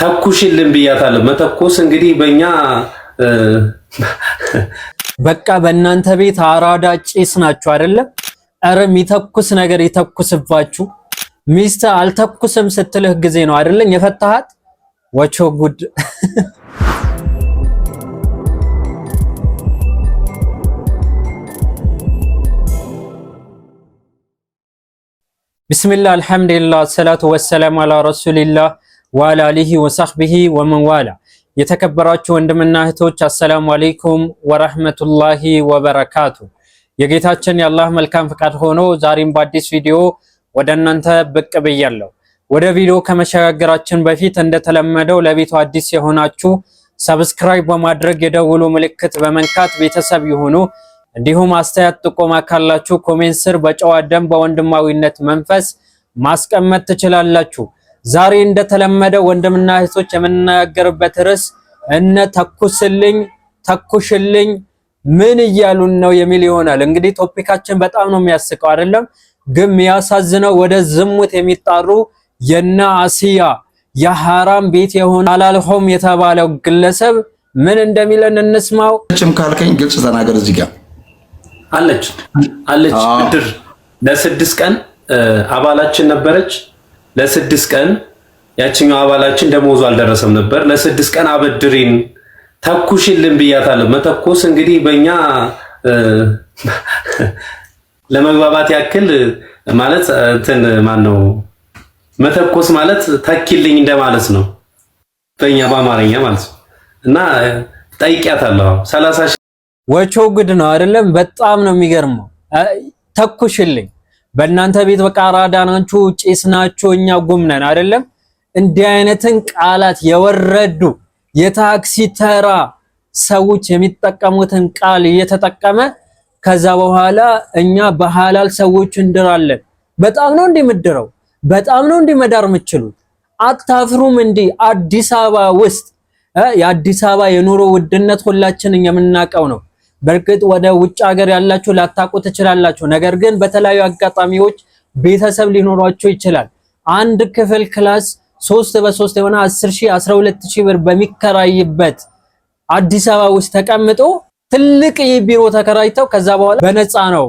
ተኩሽልን ብያታለሁ። መተኮስ እንግዲህ በእኛ በቃ በእናንተ ቤት አራዳ ጭስ ናችሁ አይደለም? ኧረ የሚተኩስ ነገር ይተኩስባችሁ። ሚስት አልተኩስም ስትልህ ጊዜ ነው አይደለም የፈታሃት ወቾ ጉድ ቢስሚላህ አልሐምዱሊላህ ሰላቱ ወሰላም አላ ረሱሊላህ ወአላ አሊሂ ወሰህቢሂ ወመንዋላ የተከበራችሁ ወንድምና እህቶች አሰላሙ አሌይኩም ወረህመቱላሂ ወበረካቱ። የጌታችን የአላህ መልካም ፍቃድ ሆኖ ዛሬም በአዲስ ቪዲዮ ወደ እናንተ ብቅ ብያለሁ። ወደ ቪዲዮ ከመሸጋገራችን በፊት እንደተለመደው ለቤቱ አዲስ የሆናችሁ ሰብስክራይብ በማድረግ የደውሉ ምልክት በመንካት ቤተሰብ ይሁኑ። እንዲሁም አስተያየት ጥቆማ ካላችሁ ኮሜንት ስር በጨዋ ደንብ በወንድማዊነት መንፈስ ማስቀመጥ ትችላላችሁ። ዛሬ እንደተለመደ ወንድምና እህቶች የምናገርበት ርዕስ እነ ተኩስልኝ ተኩሽልኝ ምን እያሉን ነው የሚል ይሆናል። እንግዲህ ቶፒካችን በጣም ነው የሚያስቀው አይደለም፣ ግን የሚያሳዝነው ወደ ዝሙት የሚጣሩ የነ አሲያ የሐራም ቤት የሆነ አላልሆም የተባለው ግለሰብ ምን እንደሚለን እንስማው። ጭም ካልከኝ ግልጽ ተናገር። እዚህ ጋር አለች አለች ብድር ለስድስት ቀን አባላችን ነበረች ለስድስት ቀን ያችኛው አባላችን ደሞዙ አልደረሰም ነበር። ለስድስት ቀን አበድሪን ተኩሽልን ብያታለሁ። መተኮስ እንግዲህ በእኛ ለመግባባት ያክል ማለት እንትን ማን ነው መተኮስ ማለት ተኪልኝ እንደማለት ነው፣ በእኛ በአማርኛ ማለት ነው። እና ጠይቂያታለሁ ሰላሳ ወቾ ግድ ነው አይደለም? በጣም ነው የሚገርመው። ተኩሽልኝ በእናንተ ቤት በቃ አራዳ ናችሁ፣ ጭስ ናችሁ፣ እኛ ጉምነን አይደለም። እንዲህ አይነትን ቃላት የወረዱ የታክሲ ተራ ሰዎች የሚጠቀሙትን ቃል እየተጠቀመ ከዛ በኋላ እኛ በሐላል ሰዎች እንድራለን። በጣም ነው እንዲምድረው፣ በጣም ነው እንዲመዳር መዳር የምችሉት። አታፍሩም? እንዲህ አዲስ አበባ ውስጥ የአዲስ አበባ የኑሮ ውድነት ሁላችን የምናውቀው ነው። በእርግጥ ወደ ውጭ ሀገር ያላችሁ ላታቁ ትችላላችሁ። ነገር ግን በተለያዩ አጋጣሚዎች ቤተሰብ ሊኖሯችሁ ይችላል። አንድ ክፍል ክላስ ሶስት በሶስት የሆነ 12 12000 ብር በሚከራይበት አዲስ አበባ ውስጥ ተቀምጦ ትልቅ ቢሮ ተከራይተው ከዛ በኋላ በነፃ ነው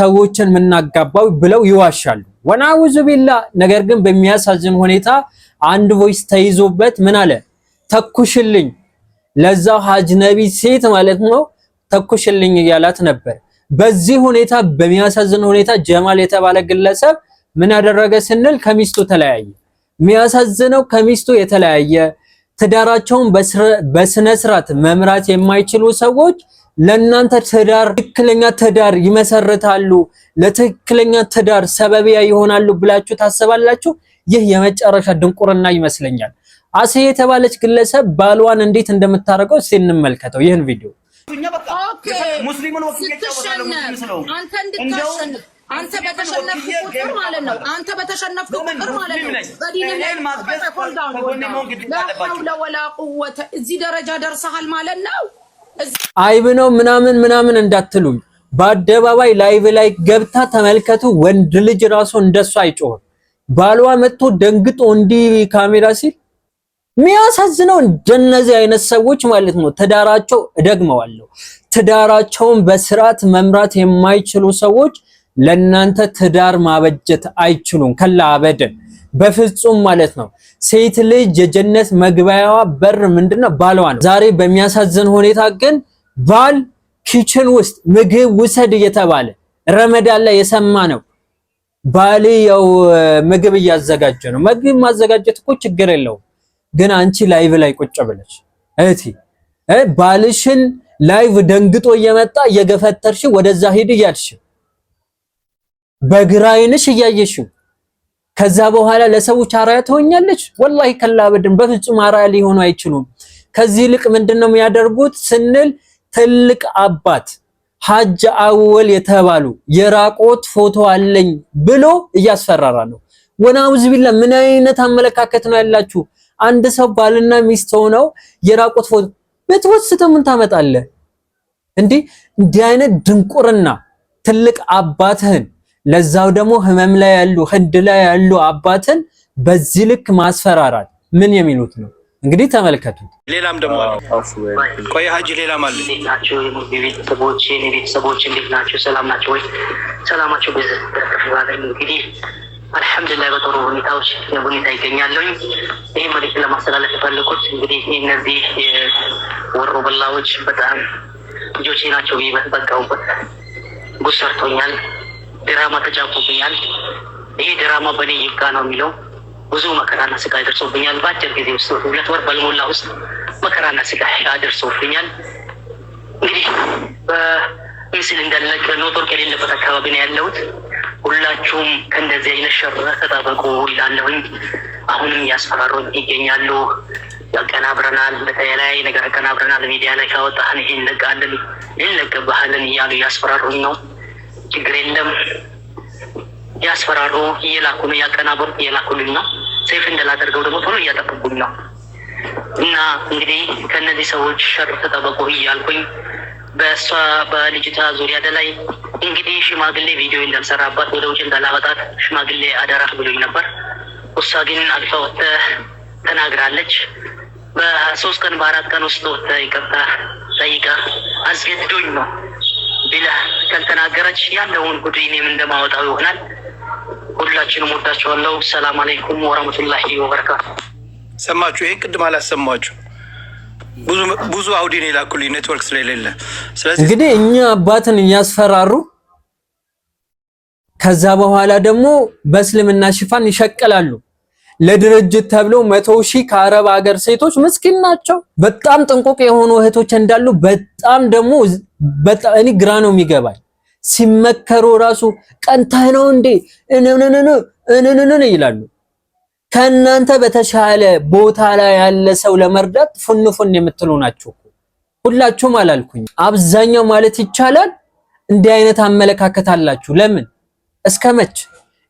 ሰዎችን የምናጋባው ብለው ይዋሻሉ። ወናውዙ ቢላ። ነገር ግን በሚያሳዝን ሁኔታ አንድ ቮይስ ተይዞበት ምን አለ? ተኩሽልኝ ለዛው አጅነቢ ሴት ማለት ነው ተኩሽልኝ እያላት ነበር። በዚህ ሁኔታ በሚያሳዝን ሁኔታ ጀማል የተባለ ግለሰብ ምን አደረገ ስንል ከሚስቱ ተለያየ። የሚያሳዝነው ከሚስቱ የተለያየ ትዳራቸውን በስነ ስርዓት መምራት የማይችሉ ሰዎች ለእናንተ ትዳር ትክክለኛ ትዳር ይመሰርታሉ፣ ለትክክለኛ ትዳር ሰበቢያ ይሆናሉ ብላችሁ ታስባላችሁ? ይህ የመጨረሻ ድንቁርና ይመስለኛል። አሴ የተባለች ግለሰብ ባሏን እንዴት እንደምታደርገው እስቲ እንመልከተው ይህን ቪዲዮ። እኛ በቃ ሙስሊሙን ወክዬ አንተ ቁጥር ማለት ነው። አንተ ቁጥር ማለት ነው። ወላ ቁወተ እዚህ ደረጃ ደርሰሃል ማለት ነው። አይብ ነው ምናምን ምናምን እንዳትሉኝ። በአደባባይ ላይቭ ላይ ገብታ ተመልከቱ። ወንድ ልጅ ራሱ እንደሱ አይጮህም። ባሏ መጥቶ ደንግጦ እንዲህ ካሜራ ሲል የሚያሳዝነው እንደነዚህ አይነት ሰዎች ማለት ነው ትዳራቸው እደግመዋለሁ፣ ትዳራቸውን በስርዓት መምራት የማይችሉ ሰዎች ለእናንተ ትዳር ማበጀት አይችሉም። ከላ አበደን በፍጹም ማለት ነው። ሴት ልጅ የጀነት መግቢያዋ በር ምንድነው? ባሏ ነው። ዛሬ በሚያሳዝን ሁኔታ ግን ባል ኪችን ውስጥ ምግብ ውሰድ እየተባለ ረመዳን ላይ የሰማ ነው። ባሌ ያው ምግብ እያዘጋጀ ነው። ምግብ ማዘጋጀት እኮ ችግር የለውም ግን አንቺ ላይቭ ላይ ቁጭ ብለሽ እህቲ ባልሽን ላይቭ ደንግጦ እየመጣ እየገፈተርሽ ወደዛ ሂድ እያልሽ በግራ ዓይንሽ እያየሽው ከዛ በኋላ ለሰዎች አራያ ትሆኛለች። ወላሂ ከላበድን በፍጹም አራያ ሊሆኑ አይችሉም። ከዚህ ይልቅ ምንድነው የሚያደርጉት ስንል ትልቅ አባት ሐጅ አወል የተባሉ የራቆት ፎቶ አለኝ ብሎ እያስፈራራ ነው። ወናውዝ ቢላ ምን አይነት አመለካከት ነው ያላችሁ? አንድ ሰው ባልና ሚስት ሆነው የራቁት ፎቶ ብትወስድ ምን ታመጣለህ? እንዲህ እንዲህ አይነት ድንቁርና ትልቅ አባትህን ለዛው ደግሞ ህመም ላይ ያሉ ህድ ላይ ያሉ አባትን በዚህ ልክ ማስፈራራት ምን የሚሉት ነው? እንግዲህ ተመልከቱት። ሌላም ደግሞ ቆይ ሀጂ ሌላም አለ። ቤተሰቦች ቤተሰቦች እንዴት ናቸው? ሰላም ናቸው ወይ? ሰላማቸው እንግዲህ አልሐምዱሊላህ በጥሩ ሁኔታዎች ሁኔታ ይገኛለኝ። ይህ መልዕክት ለማስተላለፍ የፈለኩት እንግዲህ እነዚህ ወሮ በላዎች በጣም ልጆቼ ናቸው ብዬ በተጠቀሙበት ጉድ ሰርቶኛል፣ ድራማ ተጫቁብኛል። ይሄ ድራማ በእኔ ይብቃ ነው የሚለው ብዙ መከራና ስቃይ ደርሶብኛል። በአጭር ጊዜ ውስጥ ሁለት ወር ባልሞላ ውስጥ መከራና ስቃይ አደርሶብኛል። እንግዲህ በምስል እንዳለቀ ኖትወርክ የሌለበት አካባቢ ነው ያለሁት። ሁላችሁም ከእንደዚህ አይነት ሸር ተጠበቁ እላለሁኝ። አሁንም ያስፈራሩኝ ይገኛሉ። ያቀናብረናል፣ በተለያየ ነገር ያቀናብረናል። ሚዲያ ላይ ካወጣህን ይሄ እንለቃለን፣ እንለቅብሃለን እያሉ እያስፈራሩኝ ነው። ችግር የለም እያስፈራሩ እየላኩ ነው፣ ያቀናብሩ እየላኩልኝ ነው። ሴፍ እንደላደርገው ደግሞ ቶሎ እያጠፉብኝ ነው እና እንግዲህ ከእነዚህ ሰዎች ሸር ተጠበቁ እያልኩኝ በእሷ በልጅቷ ዙሪያ ላይ እንግዲህ ሽማግሌ ቪዲዮ እንደምሰራባት ወደ ውጭ እንዳላመጣት ሽማግሌ አደራህ ብሎኝ ነበር። እሷ ግን አልፋ ወተ ተናግራለች። በሶስት ቀን በአራት ቀን ውስጥ ወተ ይቅርታ ጠይቃ አስገድዶኝ ነው ብለህ ካልተናገረች ያለውን ጉድ እኔም እንደማወጣው ይሆናል። ሁላችንም ወዳቸዋለው። ሰላም አለይኩም ወረመቱላሂ ወበረካቱ። ሰማችሁ? ይህን ቅድም አላሰማችሁ ብዙ አውዲን የላኩልኝ ኔትወርክ ስለሌለ፣ ስለዚህ እንግዲህ እኛ አባትን እያስፈራሩ ከዛ በኋላ ደግሞ በእስልምና ሽፋን ይሸቅላሉ። ለድርጅት ተብሎ መቶ ሺህ ከአረብ ሀገር ሴቶች ምስኪን ናቸው። በጣም ጥንቁቅ የሆኑ እህቶች እንዳሉ በጣም ደግሞ እኔ ግራ ነው የሚገባል። ሲመከሩ ራሱ ቀንተህ ነው እንዴ እነነነነ እነነነነ ይላሉ። ከእናንተ በተሻለ ቦታ ላይ ያለ ሰው ለመርዳት ፉን ፉን የምትሉ ናችሁ። ሁላችሁም አላልኩኝ፣ አብዛኛው ማለት ይቻላል እንዲህ አይነት አመለካከት አላችሁ። ለምን እስከ መች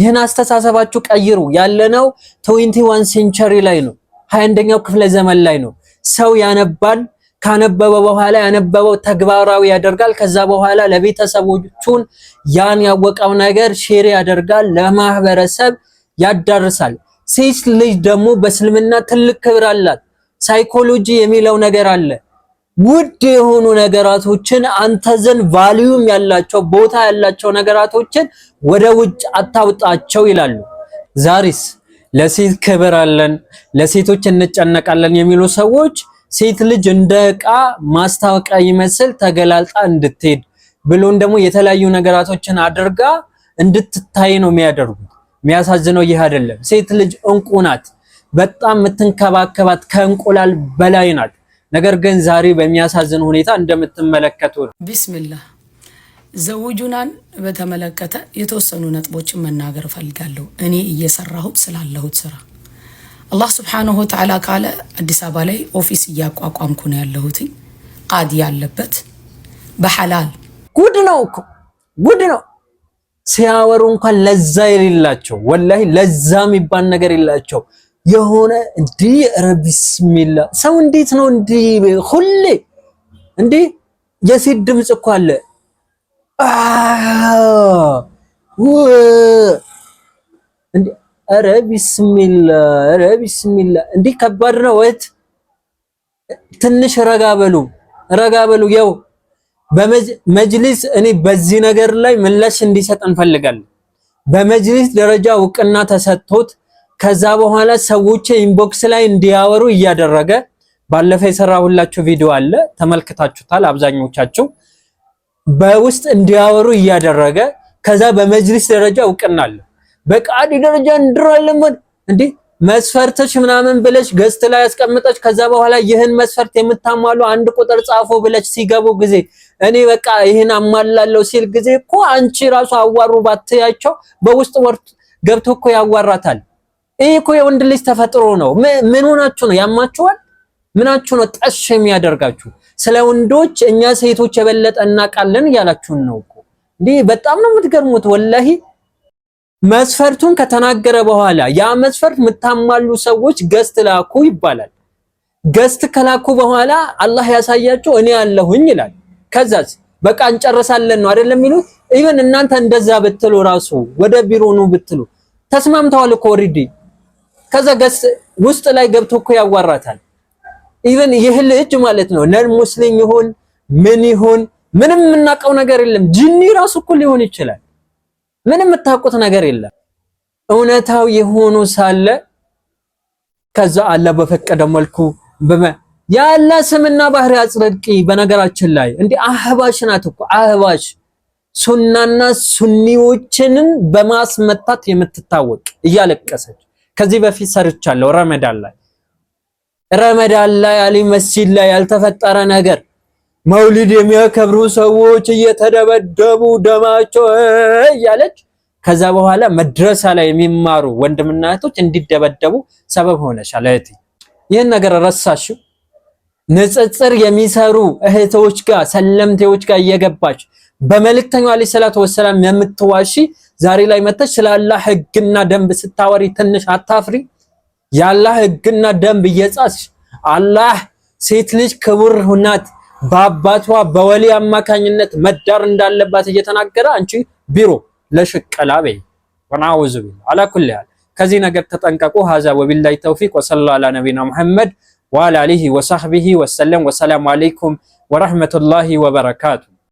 ይህን አስተሳሰባችሁ ቀይሩ። ያለነው ትዌንቲ ዋን ሴንቸሪ ላይ ነው፣ ሀያ አንደኛው ክፍለ ዘመን ላይ ነው። ሰው ያነባል። ካነበበ በኋላ ያነበበው ተግባራዊ ያደርጋል። ከዛ በኋላ ለቤተሰቦቹን ያን ያወቀው ነገር ሼር ያደርጋል፣ ለማህበረሰብ ያዳርሳል። ሴት ልጅ ደግሞ በእስልምና ትልቅ ክብር አላት። ሳይኮሎጂ የሚለው ነገር አለ። ውድ የሆኑ ነገራቶችን አንተ ዘንድ ቫልዩም ያላቸው ቦታ ያላቸው ነገራቶችን ወደ ውጭ አታውጣቸው ይላሉ። ዛሬስ ለሴት ክብር አለን፣ ለሴቶች እንጨነቃለን የሚሉ ሰዎች ሴት ልጅ እንደ እቃ ማስታወቂያ ይመስል ተገላልጣ እንድትሄድ ብሎን ደግሞ የተለያዩ ነገራቶችን አድርጋ እንድትታይ ነው የሚያደርጉት። የሚያሳዝነው ይህ አይደለም። ሴት ልጅ እንቁ ናት። በጣም የምትንከባከባት ከእንቁላል በላይ ናት። ነገር ግን ዛሬ በሚያሳዝን ሁኔታ እንደምትመለከቱ ነው። ቢስሚላህ ዘውጁናን በተመለከተ የተወሰኑ ነጥቦችን መናገር እፈልጋለሁ። እኔ እየሰራሁት ስላለሁት ስራ አላህ ስብሓንሁ ወተዓላ ካለ አዲስ አበባ ላይ ኦፊስ እያቋቋምኩ ነው ያለሁትኝ ቃድ ያለበት በሐላል ጉድ ነው እኮ ጉድ ነው ሲያወሩ እንኳን ለዛ የሌላቸው ወላሂ ለዛ የሚባል ነገር የላቸው። የሆነ እንዲህ ረቢስሚላ ሰው እንዴት ነው እንዲህ ሁሌ እንዲህ የሴት ድምፅ እኮ አለ ኧረ ቢስሚላ ኧረ ቢስሚላ እንዲህ ከባድ ነው ወት ትንሽ ረጋ በሉ ረጋ በሉ በመጅሊስ እኔ በዚህ ነገር ላይ ምላሽ እንዲሰጥ እንፈልጋለን። በመጅሊስ ደረጃ እውቅና ተሰጥቶት ከዛ በኋላ ሰዎች ኢንቦክስ ላይ እንዲያወሩ እያደረገ ባለፈ የሰራሁላችሁ ቪዲዮ አለ፣ ተመልክታችሁታል አብዛኞቻችሁ። በውስጥ እንዲያወሩ እያደረገ ከዛ በመጅሊስ ደረጃ እውቅና አለ። በቃዲ ደረጃ እንድራለመን እንዴ መስፈርትሽ ምናምን ብለሽ ገዝት ላይ ያስቀምጠች። ከዛ በኋላ ይህን መስፈርት የምታሟሉ አንድ ቁጥር ጻፉ ብለሽ ሲገቡ ጊዜ እኔ በቃ ይህን አሟላለሁ ሲል ጊዜ እኮ አንቺ ራሱ አዋሩ ባትያቸው በውስጥ ወርት ገብቶ እኮ ያዋራታል። ይህ እኮ የወንድ ልጅ ተፈጥሮ ነው። ምን ሆናችሁ ነው ያማችኋል? ምናችሁ ነው ጠሽ የሚያደርጋችሁ? ስለ ወንዶች እኛ ሴቶች የበለጠ እናውቃለን እያላችሁን ነው እኮ እንዲህ። በጣም ነው የምትገርሙት ወላሂ መስፈርቱን ከተናገረ በኋላ ያ መስፈርት የምታሟሉ ሰዎች ገስት ላኩ ይባላል። ገስት ከላኩ በኋላ አላህ ያሳያቸው እኔ ያለሁኝ ይላል። ከዛስ በቃ እንጨርሳለን ነው አይደለም የሚሉት። ኢቨን እናንተ እንደዛ ብትሉ ራሱ ወደ ቢሮ ነው ብትሉ ተስማምተዋል እኮ ኦልሬዲ። ከዛ ገስት ውስጥ ላይ ገብቶ እኮ ያዋራታል። ኢቨን ይህ ልጅ ማለት ነው ነን ሙስሊም ይሁን ምን ይሁን ምንም የምናውቀው ነገር የለም። ጂኒ ራሱ እኮ ሊሆን ይችላል ምንም የምታውቁት ነገር የለም። እውነታው የሆኑ ሳለ ከዛ አላህ በፈቀደ መልኩ የአላህ ስምና ባህሪ አጽድቂ። በነገራችን ላይ እንደ አህባሽ ናት እኮ አህባሽ ሱናና ሱኒዎችንን በማስመታት የምትታወቅ እያለቀሰች ከዚህ በፊት ሰርቻለሁ። ረመዳን ላይ ረመዳን ላይ አሊ መስጂድ ላይ ያልተፈጠረ ነገር መውሊድ የሚያከብሩ ሰዎች እየተደበደቡ ደማቸው እያለች ከዛ በኋላ መድረሳ ላይ የሚማሩ ወንድምና እህቶች እንዲደበደቡ ሰበብ ሆነሻል። እህቴ ይህን ነገር ረሳሽው? ንጽጽር የሚሰሩ እህቶች ጋር ሰለምቴዎች ጋር እየገባች በመልእክተኛው አለይሂ ሰላቱ ወሰላም የምትዋሺ ዛሬ ላይ መተሽ ስለ ህግና ደንብ ስታወሪ ትንሽ አታፍሪ? የአላህ ህግና ደንብ እየጻስሽ አላህ ሴት ልጅ ክቡር ሁናት በአባቷ በወሊ አማካኝነት መዳር እንዳለባት እየተናገረ አንቺ ቢሮ ለሽቀላ በይ ወናውዙ ቢል አላኩል ያል ከዚህ ነገር ተጠንቀቁ። ሀዛ ወቢላሂ ተውፊቅ ወሰላ አላ ነቢና ሙሐመድ ወአላ አሊሂ ወሳህቢሂ ወሰለም። ወሰላሙ አለይኩም ወረህመቱላሂ ወበረካቱ